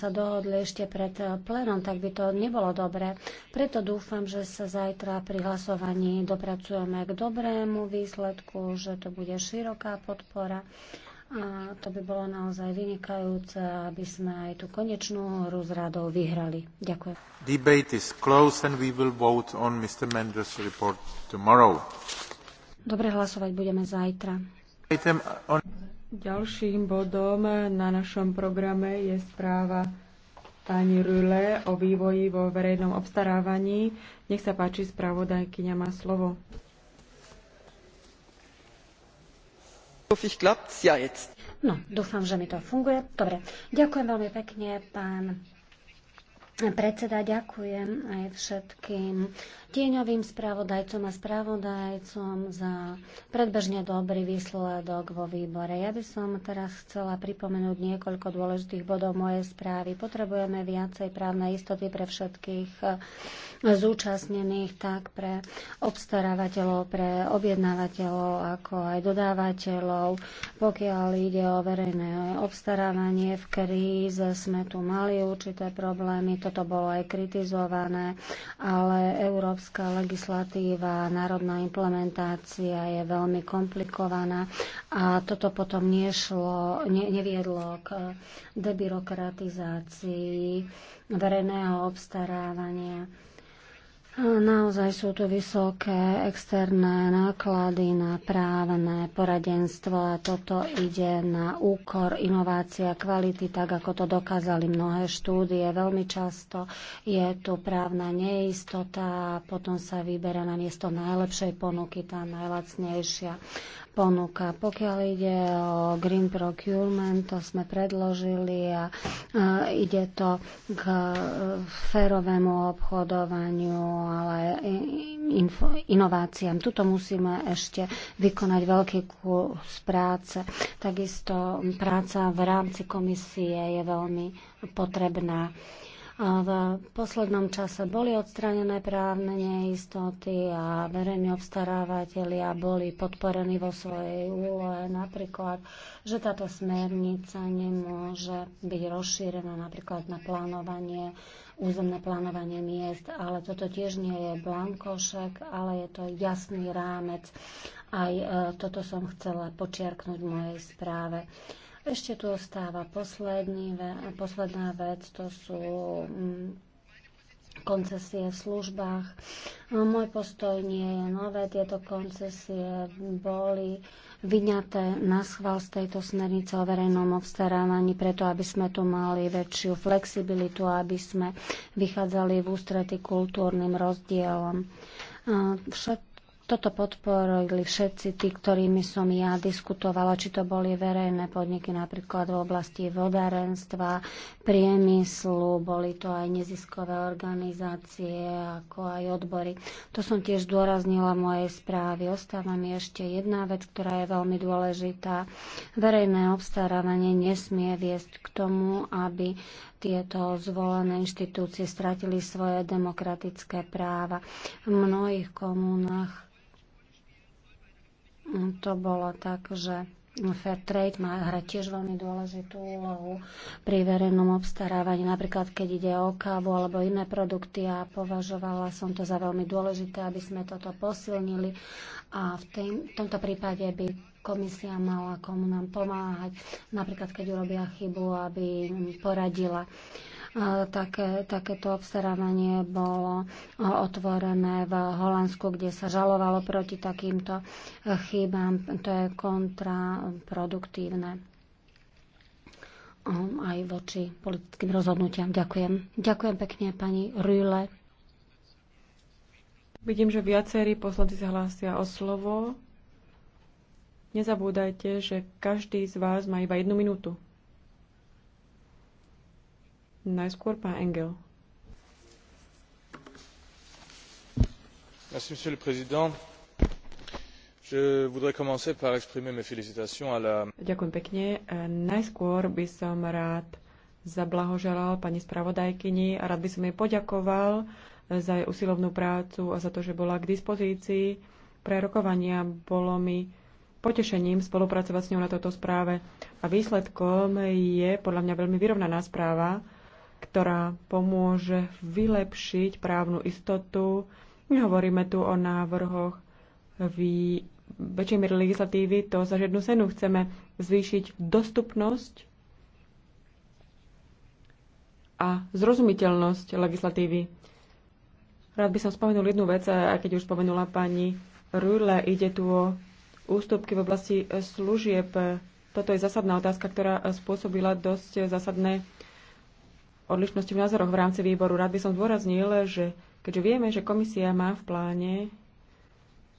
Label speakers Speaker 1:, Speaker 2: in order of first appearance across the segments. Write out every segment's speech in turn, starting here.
Speaker 1: sa dohodli ešte pred eh, plenom, tak by to nebolo dobré. Preto dúfam, že sa zajtra pri hlasovaní dopracujeme k dobrému výsledku, že to bude široká podpora. A to by bolo naozaj vynikajúce, aby sme aj tú konečnú hru s radou vyhrali. Ďakujem.
Speaker 2: Debate is closed and we will vote on Mr. Mendes report tomorrow.
Speaker 1: Dobre hlasovať budeme zajtra.
Speaker 2: Item on...
Speaker 3: Ďalším bodom na našom programe je správa pani Rüle o vývoji vo verejnom obstarávaní. Nech sa páči,
Speaker 1: spravodajkyňa má slovo. No, dúfam, že mi to funguje. Dobre, ďakujem veľmi pekne, pán Predseda, ďakujem aj všetkým tieňovým spravodajcom a spravodajcom za predbežne dobrý výsledok vo výbore. Ja by som teraz chcela pripomenúť niekoľko dôležitých bodov mojej správy. Potrebujeme viacej právnej istoty pre všetkých zúčastnených, tak pre obstarávateľov, pre objednávateľov, ako aj dodávateľov. Pokiaľ ide o verejné obstarávanie v kríze, sme tu mali určité problémy. To toto bolo aj kritizované, ale európska legislatíva, národná implementácia je veľmi komplikovaná a toto potom nešlo, ne, neviedlo k debirokratizácii verejného obstarávania Naozaj sú tu vysoké externé náklady na právne poradenstvo a toto ide na úkor inovácia kvality, tak ako to dokázali mnohé štúdie. Veľmi často je tu právna neistota a potom sa vyberá na miesto najlepšej ponuky tá najlacnejšia ponúka. Pokiaľ ide o Green Procurement, to sme predložili a ide to k e, férovému obchodovaniu, ale inováciám. Tuto musíme ešte vykonať veľký kus práce. Takisto práca v rámci komisie je veľmi potrebná v poslednom čase boli odstranené právne neistoty a verejní obstarávateľia boli podporení vo svojej úlohe. Napríklad, že táto smernica nemôže byť rozšírená napríklad na plánovanie, územné plánovanie miest, ale toto tiež nie je blankošek, ale je to jasný rámec. Aj e, toto som chcela počiarknúť v mojej správe. Ešte tu ostáva posledný, posledná vec, to sú mm, koncesie v službách. Môj postoj nie je nové. Tieto koncesie boli vyňaté na schvál z tejto smernice o verejnom obstarávaní, preto aby sme tu mali väčšiu flexibilitu, aby sme vychádzali v ústrety kultúrnym rozdielom. Všetko. Toto podporili všetci tí, ktorými som ja diskutovala, či to boli verejné podniky napríklad v oblasti vodárenstva, priemyslu, boli to aj neziskové organizácie, ako aj odbory. To som tiež dôraznila v mojej správy. Ostáva mi ešte jedna vec, ktorá je veľmi dôležitá. Verejné obstarávanie nesmie viesť k tomu, aby tieto zvolené inštitúcie stratili svoje demokratické práva. V mnohých komunách to bolo tak, že Fair trade má hrať tiež veľmi dôležitú úlohu pri verejnom obstarávaní, napríklad keď ide o kávu alebo iné produkty a považovala som to za veľmi dôležité, aby sme toto posilnili a v, tým, v tomto prípade by komisia mala komu nám pomáhať, napríklad keď urobia chybu, aby poradila. Uh, Také, takéto obstarávanie bolo otvorené v Holandsku, kde sa žalovalo proti takýmto chybám. To je kontraproduktívne hm, aj voči politickým rozhodnutiam. Ďakujem. Ďakujem pekne pani Rüle.
Speaker 3: Vidím, že viacerí poslanci sa hlásia o slovo. Nezabúdajte, že každý z vás má iba jednu minútu. Najskôr pán Engel.
Speaker 2: Merci, monsieur le président. Je voudrais commencer par exprimer mes félicitations à la...
Speaker 3: Ďakujem pekne. E, najskôr by som rád zablahoželal pani spravodajkyni a rád by som jej poďakoval za jej usilovnú prácu a za to, že bola k dispozícii pre rokovania. Bolo mi potešením spolupracovať s ňou na toto správe a výsledkom je podľa mňa veľmi vyrovnaná správa, ktorá pomôže vylepšiť právnu istotu. Hovoríme tu o návrhoch vý... väčšej miery legislatívy, to za žiadnu cenu chceme zvýšiť dostupnosť a zrozumiteľnosť legislatívy. Rád by som spomenul jednu vec, aj keď už spomenula pani Rüle, ide tu o ústupky v oblasti služieb. Toto je zásadná otázka, ktorá spôsobila dosť zásadné odlišnosti v názoroch v rámci výboru. Rád by som zdôraznil, že keďže vieme, že komisia má v pláne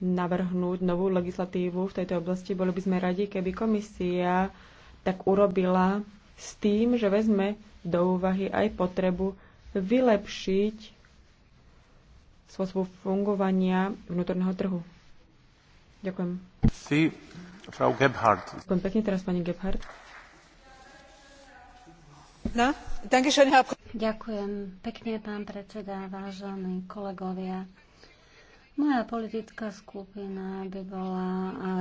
Speaker 3: navrhnúť novú legislatívu v tejto oblasti, boli by sme radi, keby komisia tak urobila s tým, že vezme do úvahy aj potrebu vylepšiť spôsobu fungovania vnútorného trhu. Ďakujem.
Speaker 2: Si, Frau Gebhardt. Ďakujem
Speaker 3: pekne teraz, pani Gebhardt.
Speaker 1: Ďakujem pekne, pán predseda, vážení kolegovia. Moja politická skupina by bola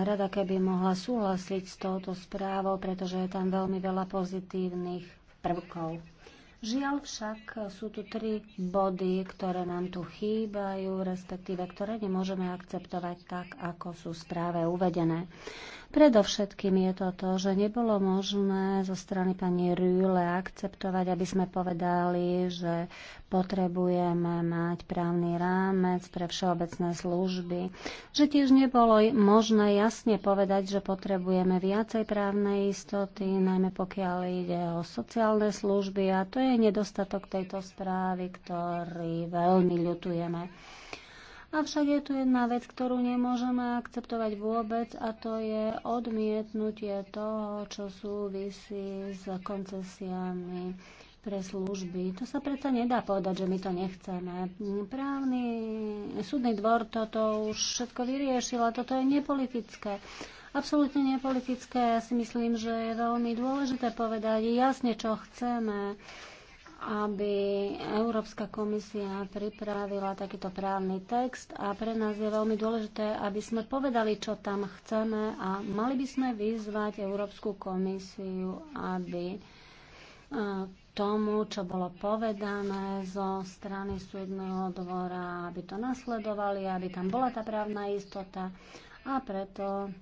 Speaker 1: rada, keby mohla súhlasiť s touto správou, pretože je tam veľmi veľa pozitívnych prvkov. Žiaľ však e, sú tu tri body, ktoré nám tu chýbajú, respektíve ktoré nemôžeme akceptovať tak, ako sú správe uvedené. Predovšetkým je to to, že nebolo možné zo strany pani Rüle akceptovať, aby sme povedali, že potrebujeme mať právny rámec pre všeobecné služby. Že tiež nebolo možné jasne povedať, že potrebujeme viacej právnej istoty, najmä pokiaľ ide o sociálne služby a to je je nedostatok tejto správy, ktorý veľmi ľutujeme. Avšak je tu jedna vec, ktorú nemôžeme akceptovať vôbec a to je odmietnutie toho, čo súvisí s koncesiami pre služby. To sa predsa nedá povedať, že my to nechceme. Právny súdny dvor toto už všetko vyriešil a toto je nepolitické. Absolútne nepolitické. Ja si myslím, že je veľmi dôležité povedať jasne, čo chceme aby Európska komisia pripravila takýto právny text a pre nás je veľmi dôležité, aby sme povedali, čo tam chceme a mali by sme vyzvať Európsku komisiu, aby e, tomu, čo bolo povedané zo strany súdneho dvora, aby to nasledovali, aby tam bola tá právna istota a preto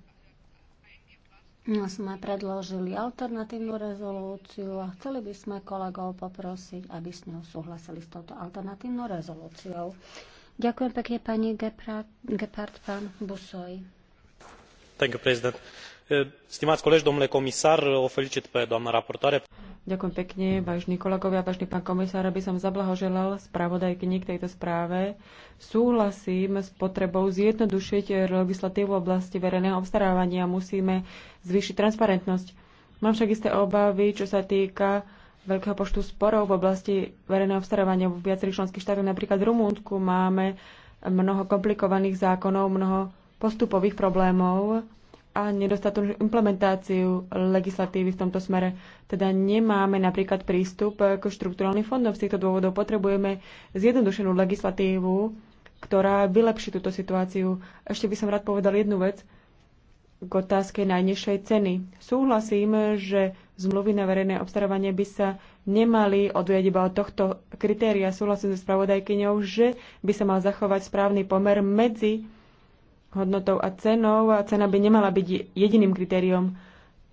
Speaker 1: No, sme predložili alternatívnu rezolúciu a chceli by sme kolegov poprosiť, aby s ňou súhlasili s touto alternatívnou rezolúciou. Ďakujem pekne pani Gepard, pán Busoj.
Speaker 4: Thank you, president. E, stimați colegi, domnule comisar, o felicit pe doamna raportoare.
Speaker 3: Ďakujem pekne, vážni kolegovia, vážny pán komisár, aby som zablahoželal spravodajkyni k tejto správe. Súhlasím s potrebou zjednodušiť legislatívu v oblasti verejného obstarávania. Musíme zvýšiť transparentnosť. Mám však isté obavy, čo sa týka veľkého počtu sporov v oblasti verejného obstarávania v viacerých členských štátoch. Napríklad v Rumúnsku máme mnoho komplikovaných zákonov, mnoho postupových problémov a nedostatočnú implementáciu legislatívy v tomto smere. Teda nemáme napríklad prístup k štruktúrálnym fondom. Z týchto dôvodov potrebujeme zjednodušenú legislatívu, ktorá vylepší túto situáciu. Ešte by som rád povedal jednu vec k otázke najnižšej ceny. Súhlasím, že zmluvy na verejné obstarávanie by sa nemali odvieť iba od tohto kritéria. Súhlasím so spravodajkyňou, že by sa mal zachovať správny pomer medzi hodnotou a cenou a cena by nemala byť jediným kritériom.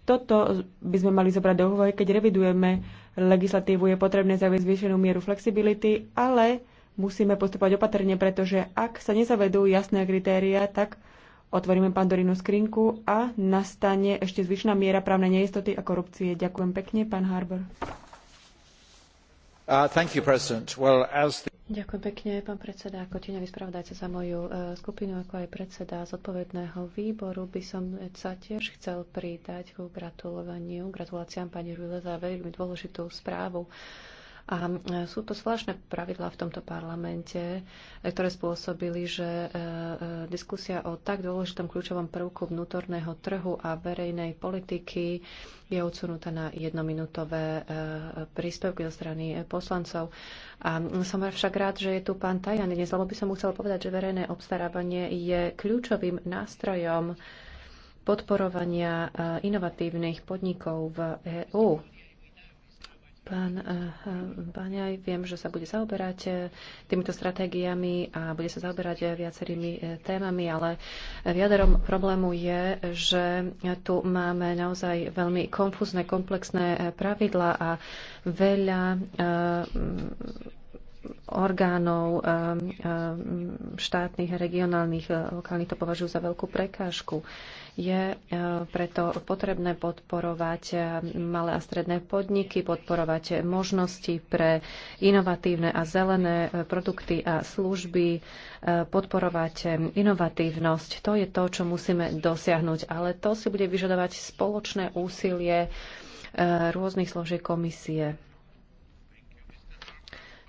Speaker 3: Toto by sme mali zobrať do úvahy, keď revidujeme legislatívu. Je potrebné zaviesť zvýšenú mieru flexibility, ale musíme postupovať opatrne, pretože ak sa nezavedú jasné kritéria, tak otvoríme pandorínu skrinku a nastane ešte zvyšná miera právnej neistoty a korupcie. Ďakujem pekne, pán Harbour.
Speaker 2: Uh, you, well, the...
Speaker 4: Ďakujem pekne, pán predseda. Ako tieňový spravodajca za moju e, skupinu, ako aj predseda zodpovedného výboru, by som sa tiež chcel pridať ku gratulovaniu, gratuláciám pani Rule za veľmi dôležitú správu. A e, sú to zvláštne pravidlá v tomto parlamente, e, ktoré spôsobili, že e, diskusia o tak dôležitom kľúčovom prvku vnútorného trhu a verejnej politiky je odsunutá na jednominútové príspevky zo strany poslancov. A som však rád, že je tu pán Tajan dnes, lebo by som mu chcel povedať, že verejné obstarávanie je kľúčovým nástrojom podporovania inovatívnych podnikov v EÚ. Pán eh, Baňaj, viem, že sa bude zaoberať eh, týmito stratégiami a bude sa zaoberať eh, viacerými témami, ale viaderom problému je, že tu máme naozaj veľmi konfúzne, komplexné pravidla a veľa orgánov um, um, štátnych, regionálnych, uh, lokálnych to považujú za veľkú prekážku. Je uh, preto potrebné podporovať um, malé a stredné podniky, podporovať možnosti pre inovatívne a zelené uh, produkty a služby, podporovať inovatívnosť. To je to, čo musíme dosiahnuť, ale to si bude vyžadovať spoločné úsilie rôznych složiek komisie.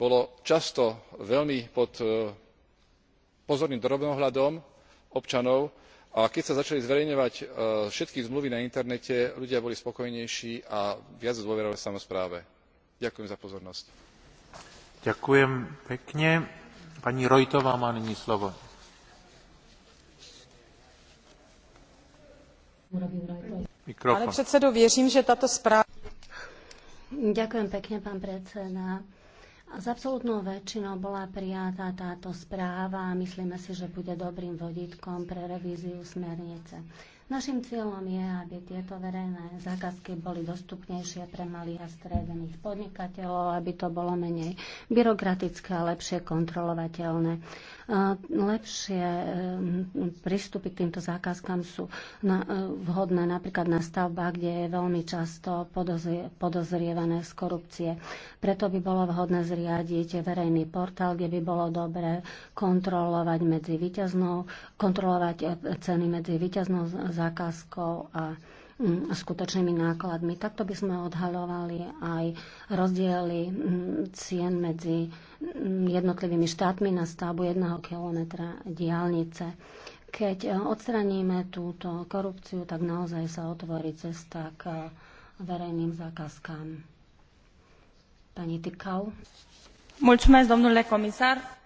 Speaker 2: bolo často veľmi pod e, pozorným drobnohľadom občanov a keď sa začali zverejňovať e, všetky zmluvy na internete ľudia boli spokojnejší a viac dôverovali samospráve. ďakujem za pozornosť.
Speaker 4: Ďakujem pekne. pán
Speaker 1: predseda. S absolútnou väčšinou bola prijatá táto správa a myslíme si, že bude dobrým vodítkom pre revíziu smernice. Našim cieľom je, aby tieto verejné zákazky boli dostupnejšie pre malých a stredných podnikateľov, aby to bolo menej byrokratické a lepšie kontrolovateľné. Lepšie e, prístupy k týmto zákazkám sú e, vhodné napríklad na stavbách, kde je veľmi často podozrievané z korupcie. Preto by bolo vhodné zriadiť verejný portál, kde by bolo dobre kontrolovať medzi výťaznou, kontrolovať e, ceny medzi výťaznou zákazkou mm, a skutočnými nákladmi. Takto by sme odhaľovali aj rozdiely mm, cien medzi mm, jednotlivými štátmi na stavbu jedného kilometra diálnice. Keď e, odstraníme túto korupciu, tak naozaj sa otvorí cesta k e, verejným zákazkám. Pani Tykau. Mulțumesc, domnule comisar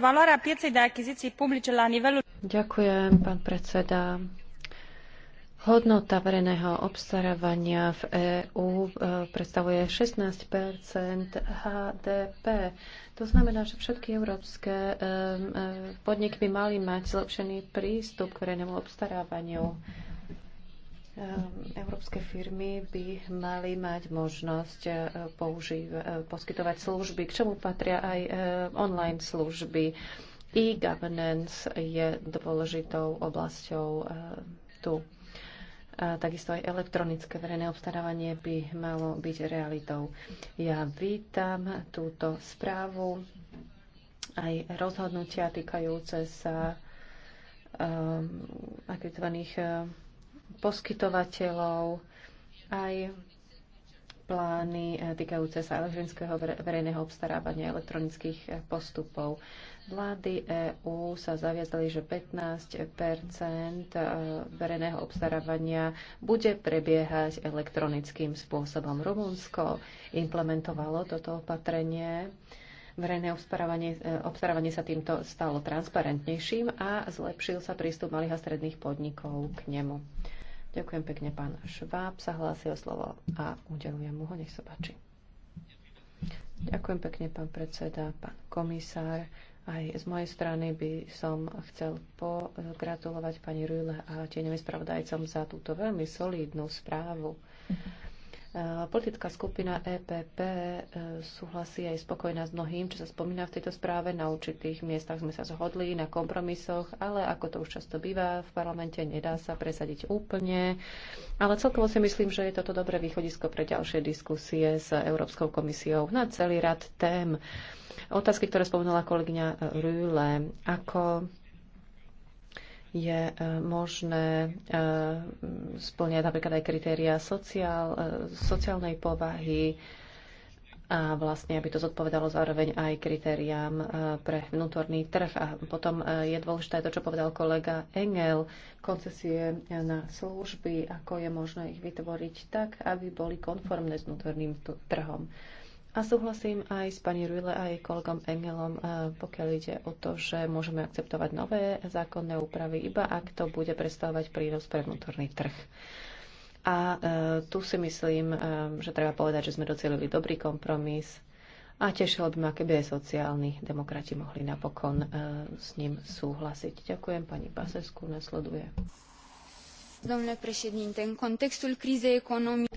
Speaker 1: valoarea pieței de achiziții publice la nivelul
Speaker 4: Ďakujem, pán predseda. Hodnota verejného obstarávania v EÚ e, predstavuje sixteen HDP. To znamená, že všetky európske e, e, podniky by mali mať zlepšený prístup k verejnému obstarávaniu. Ehm, európske firmy by mali mať možnosť e, použiť, e, poskytovať služby, k čomu patria aj e, online služby. E-governance je dôležitou oblasťou tu. A takisto aj elektronické verejné obstarávanie by malo byť realitou. Ja vítam túto správu aj rozhodnutia týkajúce sa um, akreditovaných um, poskytovateľov, aj plány eh, týkajúce sa elektronického verejného obstarávania elektronických eh, postupov. Vlády EÚ sa zaviazali, že 15 eh, verejného obstarávania bude prebiehať elektronickým spôsobom. Rumunsko implementovalo toto opatrenie. Verejné obstarávanie, obstarávanie sa týmto stalo transparentnejším a zlepšil sa prístup malých a stredných podnikov k nemu. Ďakujem pekne, pán Šváb sa hlási o slovo a udelujem mu ho, nech sa páči. Ďakujem pekne, pán predseda, pán komisár. Aj z mojej strany by som chcel pogratulovať pani Rujle a tieňovým spravodajcom za túto veľmi solidnú správu. Politická skupina EPP e, súhlasí aj spokojná s mnohým, čo sa spomína v tejto správe. Na určitých miestach sme sa zhodli, na kompromisoch, ale ako to už často býva v parlamente, nedá sa presadiť úplne. Ale celkovo si myslím, že je toto dobré východisko pre ďalšie diskusie s Európskou komisiou na celý rad tém. Otázky, ktoré spomínala kolegyňa Rühle, ako je eh, možné eh, splňať napríklad aj kritéria sociál, eh, sociálnej povahy a vlastne, aby to zodpovedalo zároveň aj kritériám pre vnútorný trh. A potom je dôležité to, čo povedal kolega Engel, koncesie na služby, ako je možné ich vytvoriť tak, aby boli konformné s vnútorným trhom. A súhlasím aj s pani Ruile a jej kolegom Engelom, e, pokiaľ ide o to, že môžeme akceptovať nové zákonné úpravy, iba ak to bude predstavovať prínos pre vnútorný trh. A e, tu si myslím, e, že treba povedať, že sme docelili dobrý kompromis a tešilo by ma, keby aj sociálni demokrati mohli napokon s ním súhlasiť. Ďakujem, pani Pasesku, nasleduje.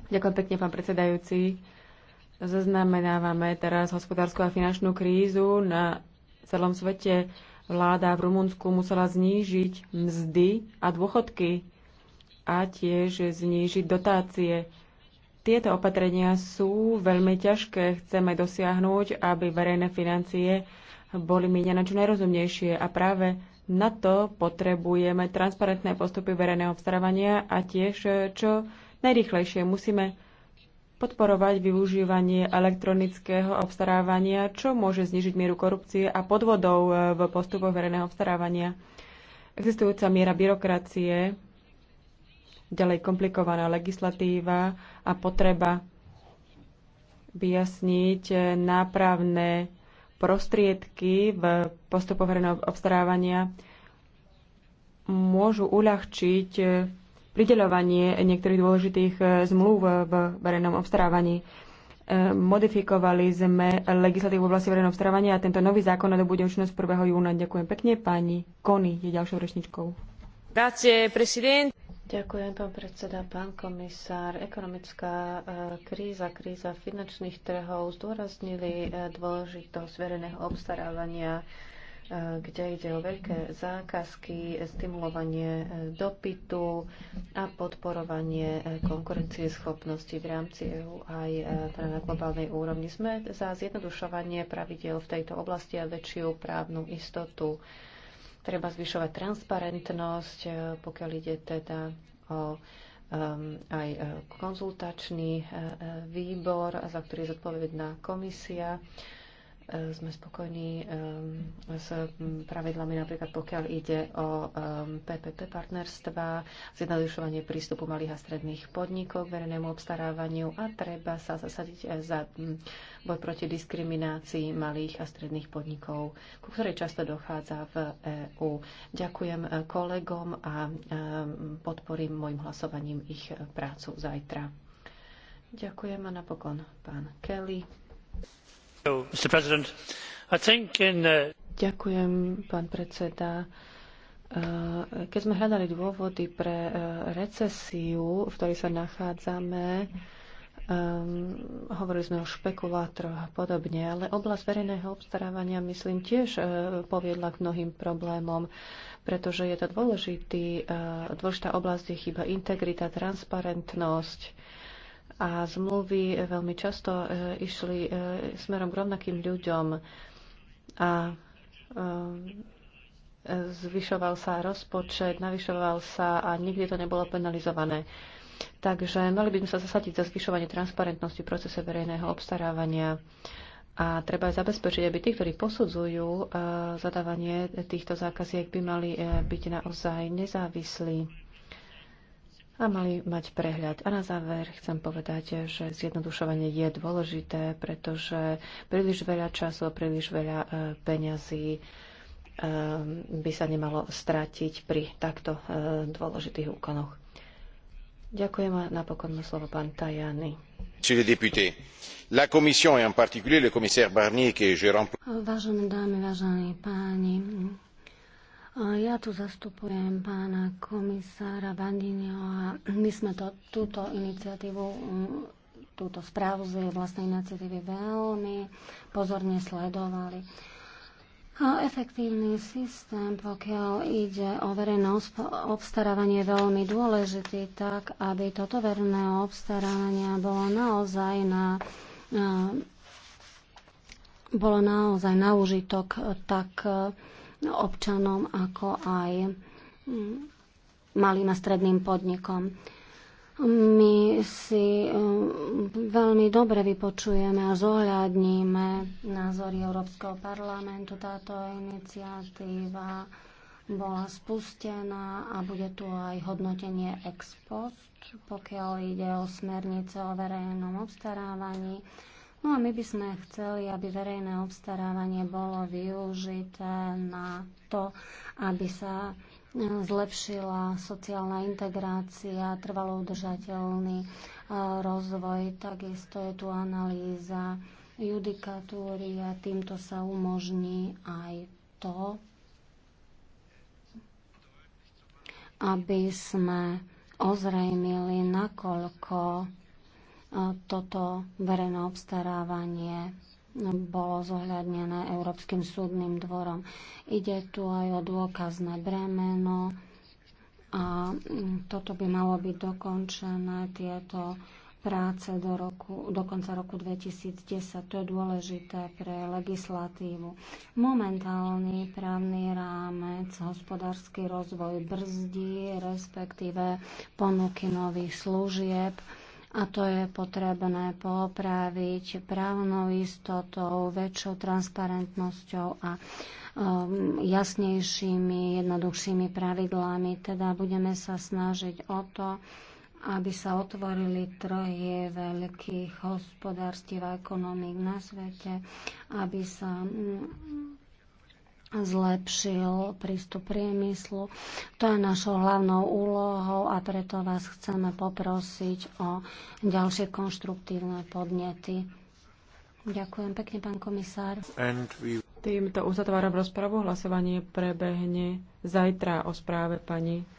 Speaker 4: Ďakujem pekne, pán predsedajúci.
Speaker 3: Zaznamenávame teraz hospodárskú a finančnú krízu na celom svete. Vláda v Rumunsku musela znížiť mzdy a dôchodky a tiež znížiť dotácie. Tieto opatrenia sú veľmi ťažké. Chceme dosiahnuť, aby verejné financie boli mienené čo najrozumnejšie a práve na to potrebujeme transparentné postupy verejného obstarávania a tiež čo najrychlejšie musíme podporovať využívanie elektronického obstarávania, čo môže znižiť mieru korupcie a podvodov e, v postupoch verejného obstarávania. Existujúca miera byrokracie, ďalej komplikovaná legislatíva a potreba vyjasniť e, nápravné prostriedky v postupoch verejného obstarávania môžu uľahčiť e, prideľovanie niektorých dôležitých e, zmluv v verejnom obstarávaní. E, modifikovali sme legislatívu v oblasti verejného obstarávania a tento nový zákon bude účinnosť 1. júna. Ďakujem pekne. Pani Kony je ďalšou rečničkou.
Speaker 4: Ďakujem, pán predseda, pán komisár. Ekonomická e, kríza, kríza finančných trhov zdôraznili dôležitosť verejného obstarávania kde ide o veľké zákazky, stimulovanie e, dopytu a podporovanie e, konkurencie schopnosti v rámci EU aj e, teda na globálnej úrovni. Sme za zjednodušovanie pravidel v tejto oblasti a väčšiu právnu istotu. Treba zvyšovať transparentnosť, pokiaľ ide teda o um, aj konzultačný výbor, za ktorý je zodpovedná komisia Eh, sme spokojní eh, s mm, pravidlami, napríklad pokiaľ ide o PPP eh, partnerstva, zjednodušovanie prístupu malých a stredných podnikov k verejnému obstarávaniu a treba sa zasadiť za mm, boj proti diskriminácii malých a stredných podnikov, ku ktorej často dochádza v EÚ. Ďakujem kolegom a podporím môjim hlasovaním ich prácu zajtra. Ďakujem a napokon pán Kelly. Uh, Ďakujem, predseda. Uh, keď sme hľadali dôvody pre uh, recesiu, v ktorej sa nachádzame, Um, hovorili sme o špekulátoroch a podobne, ale oblasť verejného obstarávania, myslím, tiež uh, poviedla k mnohým problémom, pretože je to dôležitý, uh, dôležitá oblasť, kde chýba integrita, transparentnosť. Uh, a zmluvy e, veľmi často e, išli e, smerom k rovnakým ľuďom a zvyšoval sa rozpočet, navyšoval sa a nikdy to nebolo penalizované. Takže mali by sme sa zasadiť za zvyšovanie transparentnosti v procese verejného obstarávania a treba aj zabezpečiť, aby tí, ktorí posudzujú zadávanie týchto zákaziek, by mali byť naozaj nezávislí a mali mať prehľad. A na záver chcem povedať, že zjednodušovanie je dôležité, pretože príliš veľa času a príliš veľa e, peňazí e, by sa nemalo stratiť pri takto e, dôležitých úkonoch. Ďakujem a napokon na slovo pán Tajani.
Speaker 1: Vážené dámy, vážení páni, ja tu zastupujem pána komisára Bandinio a my sme to, túto iniciatívu, mm, túto správu z vlastnej iniciatívy veľmi pozorne sledovali. A efektívny systém, pokiaľ ide o verejné obstarávanie, je veľmi dôležitý, tak aby toto verejné obstarávanie bolo naozaj na, bolo naozaj na užitok tak No, občanom, ako aj mm, malým a stredným podnikom. My si mm, veľmi dobre vypočujeme a zohľadníme názory Európskeho parlamentu. Táto iniciatíva bola spustená a bude tu aj hodnotenie ex post, pokiaľ ide o smernice o verejnom obstarávaní No a my by sme chceli, aby verejné obstarávanie bolo využité na to, aby sa e, zlepšila sociálna integrácia, trvalo udržateľný e, rozvoj. Takisto je tu analýza judikatúry a týmto sa umožní aj to, aby sme ozrejmili, nakoľko toto verejné obstarávanie bolo zohľadnené Európskym súdnym dvorom. Ide tu aj o dôkazné bremeno a toto by malo byť dokončené, tieto práce do, roku, do konca roku 2010. To je dôležité pre legislatívu. Momentálny právny rámec, hospodársky rozvoj brzdí, respektíve ponuky nových služieb a to je potrebné popraviť právnou istotou, väčšou transparentnosťou a um, jasnejšími, jednoduchšími pravidlami. Teda budeme sa snažiť o to, aby sa otvorili trhy veľkých hospodárstiev a ekonomík na svete, aby sa um, zlepšil prístup priemyslu. To je našou hlavnou úlohou a preto vás chceme poprosiť o ďalšie konštruktívne podnety. Ďakujem pekne, pán komisár. We... Týmto uzatváram
Speaker 3: rozpravu. Hlasovanie prebehne zajtra o správe pani